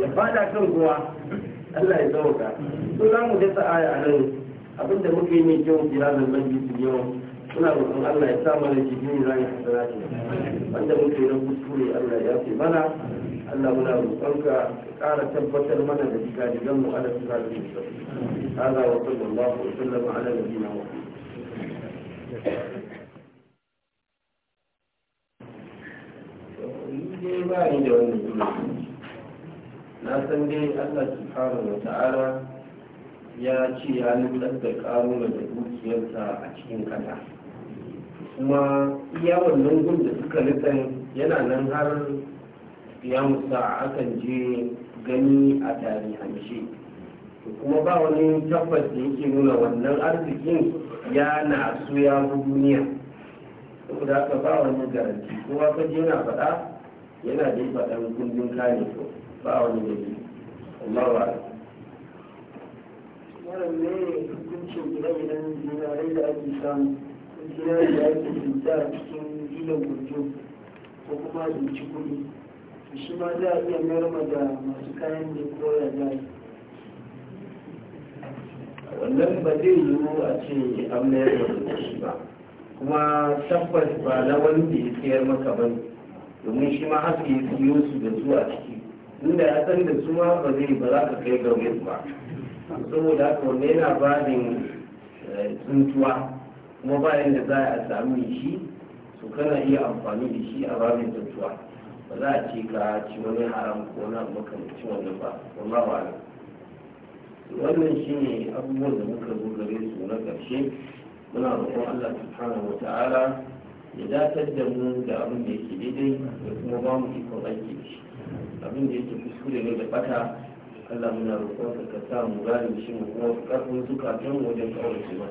ya fada kan ruwa Allah ya sauka to za mu dasa aya a nan abinda muke yi mai kyau kira da majlisin yau muna roƙon Allah ya sa mana jibin ran hasanati wanda muke na kuskure Allah ya fi mana Allah muna roƙonka ka ƙara tabbatar mana da diga mu ala sirrin mustaqim hada wa sallallahu wa sallama ala nabiyina wa ba ni da wani na san dai allah subhanahu wa ta'ala ya ce ya nutsar da karo da dukiyarsa a cikin kasa kuma iya wannan gun da suka nutsan yana nan har ya musa akan je gani a tarihance kuma ba wani tabbas da yake nuna wannan arzikin ya na su ya duniya saboda haka ba wani garanti kowa ka je na faɗa yana da yi faɗan kundin kane ko ba wani da Allah wa wannan ne hukuncin ire-iren zinarai da ake samu zinarai da ake cuta a cikin gidan gurjo ko kuma zuci kuɗi shi ma za a iya mayar da masu kayan da koya za wannan ba zai yiwu a ce ya mayar da shi ba kuma tabbas ba na wani da ya sayar maka ba ne domin shi ma haka ya siyo su da su a ciki inda ya san da su ba zai ba za ka kai ga su ba saboda haka wanne yana bani eh, tsuntuwa kuma bayan da za a sami shi su kana iya amfani da shi a babin tsuntuwa ba za a ce ka ci wani haram ko na makamci wannan ba wallahu ne wannan shine abubuwan da muka zo gare su na ƙarshe muna roƙon Allah subhanahu wa ta'ala ya datar da mu da abin da yake daidai da kuma ba mu ikon aiki da shi abin da yake kuskure ne da bata Allah muna roƙon ka sa mu gane shi mu kuma karfin zukatan wajen kaurace ba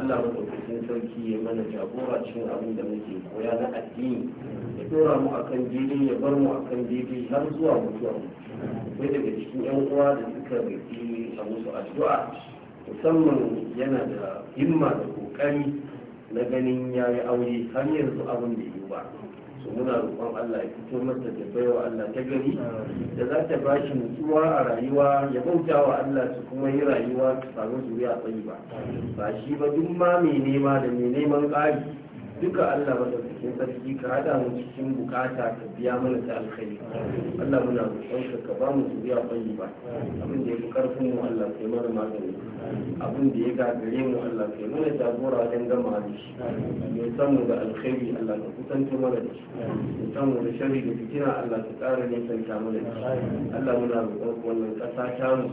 Allah mu ɗaukakin sarki ya mana jagora cikin abin da muke koya na addini ya dora mu akan daidai ya bar mu akan daidai har zuwa mutuwa sai daga cikin yan uwa da suka gaji a musu addu'a musamman yana da himma da kokari na ganin ya yi aure har yanzu abin da yi ba su muna roƙon Allah ya fito mata da baiwa Allah ta gari da za ta bashi nutsuwa a rayuwa ya bauta wa Allah su kuma yi rayuwa su samu a tsayi ba ba shi ba duk ma mai nema da mai neman ƙari duka Allah madaukakin sarki ka hada mu cikin bukata ka biya mana ta alkhairi Allah muna roƙon ka ba mu zuriya bayi ba abin da ya fi karfin mu Allah kai mana magani abin da ya gagare mu Allah kai mana jagora wajen gama da shi mai san mu da alkhairi Allah ka kusanto mana da shi mai san mu da shari da fitina Allah ka tsara ne san ta mana da shi Allah muna roƙon wannan ƙasa ta mu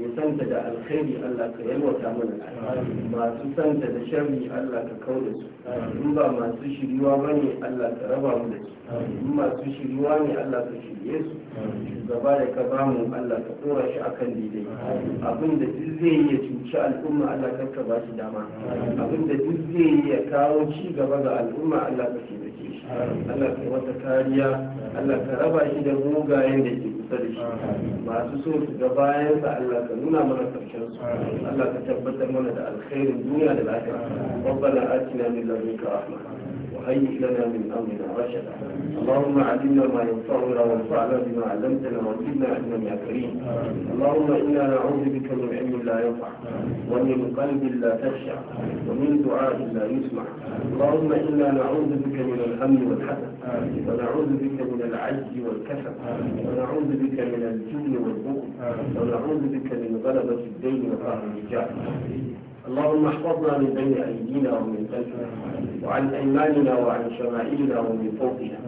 ya santa da alkhairi Allah ka yalwata mana masu santa da sharri Allah ka kau da su in ba masu shiriwa ba ne Allah ka raba mu da su in masu shiriwa ne Allah ka shirye su gaba da ka bamu Allah ka tsora shi akan daidai abin da duk zai iya cuci al'umma Allah ka ka ba shi dama abin da duk zai iya kawo ci gaba ga al'umma Allah ka taimake shi Allah ka wata kariya Allah ka raba shi da mugayen da ke kusa da shi masu so su ga bayansa Allah ka nuna mana karshen su Allah ka tabbatar mana da alkhairin duniya da lafiya rabbana atina min ladunka rahma وهيئ لنا من أمرنا رشدا اللهم علمنا ما ينفعنا وانفعنا بما علمتنا وزدنا علما يا كريم اللهم إنا نعوذ بك من علم لا ينفع ومن قلب لا تخشع ومن دعاء لا يسمع اللهم إنا نعوذ بك من الهم والحزن ونعوذ بك من العجز والكسل ونعوذ بك من الجن والبخل ونعوذ بك من غلبة الدين وقهر الرجال اللهم احفظنا من بين أيدينا ومن خلفنا وعن أيماننا وعن شمائلنا ومن فوقنا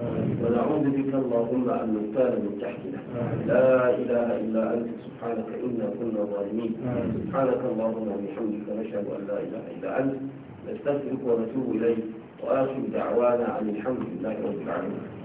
ونعوذ بك اللهم أن نغتال من تحتنا لا إله إلا أنت سبحانك إنا كنا ظالمين سبحانك اللهم وبحمدك نشهد أن لا إله إلا أنت نستغفرك ونتوب إليك وآخر دعوانا أن الحمد لله رب العالمين